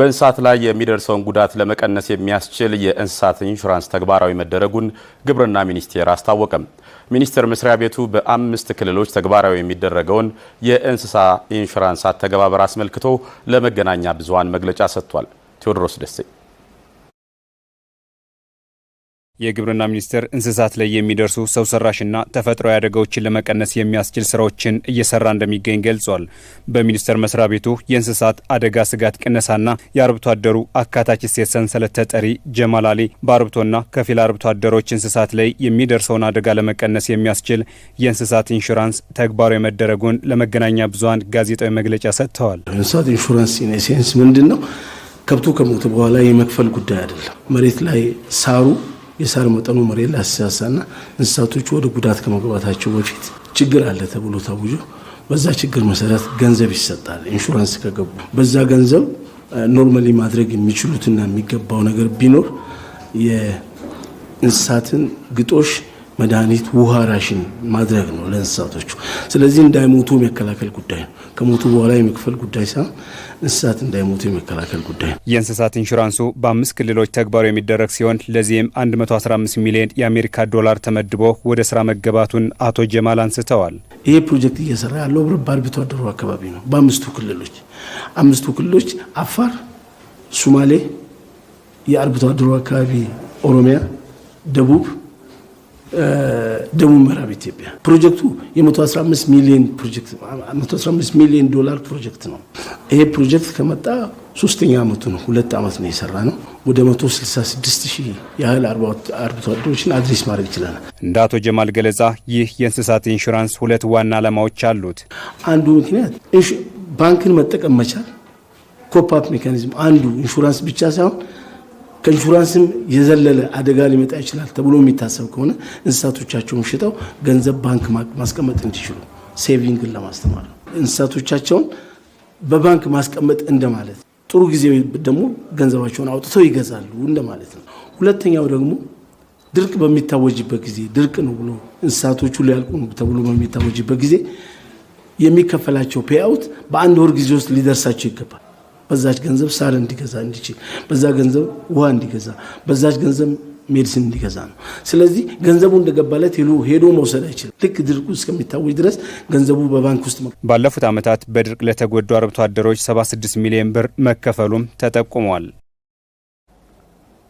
በእንስሳት ላይ የሚደርሰውን ጉዳት ለመቀነስ የሚያስችል የእንስሳት ኢንሹራንስ ተግባራዊ መደረጉን ግብርና ሚኒስቴር አስታወቀም። ሚኒስቴር መስሪያ ቤቱ በአምስት ክልሎች ተግባራዊ የሚደረገውን የእንስሳ ኢንሹራንስ አተገባበር አስመልክቶ ለመገናኛ ብዙኃን መግለጫ ሰጥቷል። ቴዎድሮስ ደሴ የግብርና ሚኒስቴር እንስሳት ላይ የሚደርሱ ሰው ሰራሽና ተፈጥሯዊ አደጋዎችን ለመቀነስ የሚያስችል ስራዎችን እየሰራ እንደሚገኝ ገልጿል። በሚኒስቴር መስሪያ ቤቱ የእንስሳት አደጋ ስጋት ቅነሳና የአርብቶ አደሩ አካታች እሴት ሰንሰለት ተጠሪ ጀማል አሊ በአርብቶና ከፊል አርብቶ አደሮች እንስሳት ላይ የሚደርሰውን አደጋ ለመቀነስ የሚያስችል የእንስሳት ኢንሹራንስ ተግባራዊ መደረጉን ለመገናኛ ብዙሃን ጋዜጣዊ መግለጫ ሰጥተዋል። እንስሳት ኢንሹራንስ ኢንሴንስ ምንድን ነው? ከብቱ ከሞተ በኋላ የመክፈል ጉዳይ አይደለም። መሬት ላይ ሳሩ የሳር መጠኑ መሬት ላይ አስተሳሳና እንስሳቶቹ ወደ ጉዳት ከመግባታቸው በፊት ችግር አለ ተብሎ ታውጆ በዛ ችግር መሰረት ገንዘብ ይሰጣል። ኢንሹራንስ ከገቡ በዛ ገንዘብ ኖርማሊ ማድረግ የሚችሉትና የሚገባው ነገር ቢኖር የእንስሳትን ግጦሽ መድኃኒት ውሃ ራሽን ማድረግ ነው ለእንስሳቶቹ። ስለዚህ እንዳይሞቱ የመከላከል ጉዳይ ነው። ከሞቱ በኋላ የመክፈል ጉዳይ ሳይሆን እንስሳት እንዳይሞቱ የመከላከል ጉዳይ ነው። የእንስሳት ኢንሹራንሱ በአምስት ክልሎች ተግባሩ የሚደረግ ሲሆን ለዚህም 115 ሚሊዮን የአሜሪካ ዶላር ተመድቦ ወደ ስራ መገባቱን አቶ ጀማል አንስተዋል። ይሄ ፕሮጀክት እየሰራ ያለው በአርብቶ አደሩ አካባቢ ነው። በአምስቱ ክልሎች አምስቱ ክልሎች አፋር፣ ሱማሌ፣ የአርብቶ አደሩ አካባቢ ኦሮሚያ፣ ደቡብ ደቡብ ምዕራብ ኢትዮጵያ ፕሮጀክቱ የ115 ሚሊዮን ፕሮጀክት 115 ሚሊዮን ዶላር ፕሮጀክት ነው። ይሄ ፕሮጀክት ከመጣ ሶስተኛ ዓመቱ ነው። ሁለት ዓመት ነው የሰራ ነው። ወደ 166 ሺህ ያህል አርብቶ አደሮችን አድሬስ ማድረግ ይችላል። እንደ አቶ ጀማል ገለጻ ይህ የእንስሳት ኢንሹራንስ ሁለት ዋና ዓላማዎች አሉት። አንዱ ምክንያት ባንክን መጠቀም መቻል ኮፓፕ ሜካኒዝም አንዱ ኢንሹራንስ ብቻ ሳይሆን ከኢንሹራንስም የዘለለ አደጋ ሊመጣ ይችላል ተብሎ የሚታሰብ ከሆነ እንስሳቶቻቸውን ሽጠው ገንዘብ ባንክ ማስቀመጥ እንዲችሉ ሴቪንግን ለማስተማር እንስሳቶቻቸውን በባንክ ማስቀመጥ እንደማለት፣ ጥሩ ጊዜ ደግሞ ገንዘባቸውን አውጥተው ይገዛሉ እንደማለት ነው። ሁለተኛው ደግሞ ድርቅ በሚታወጅበት ጊዜ ድርቅ ነው ብሎ እንስሳቶቹ ሊያልቁ ነው ተብሎ በሚታወጅበት ጊዜ የሚከፈላቸው ፔአውት በአንድ ወር ጊዜ ውስጥ ሊደርሳቸው ይገባል። በዛች ገንዘብ ሳር እንዲገዛ እንዲችል፣ በዛ ገንዘብ ውሃ እንዲገዛ፣ በዛች ገንዘብ ሜዲሲን እንዲገዛ ነው። ስለዚህ ገንዘቡ እንደገባለት ሄዶ መውሰድ አይችልም። ልክ ድርቁ እስከሚታወጅ ድረስ ገንዘቡ በባንክ ውስጥ ባለፉት ዓመታት በድርቅ ለተጎዱ አርብቶ አደሮች 76 ሚሊዮን ብር መከፈሉም ተጠቁሟል።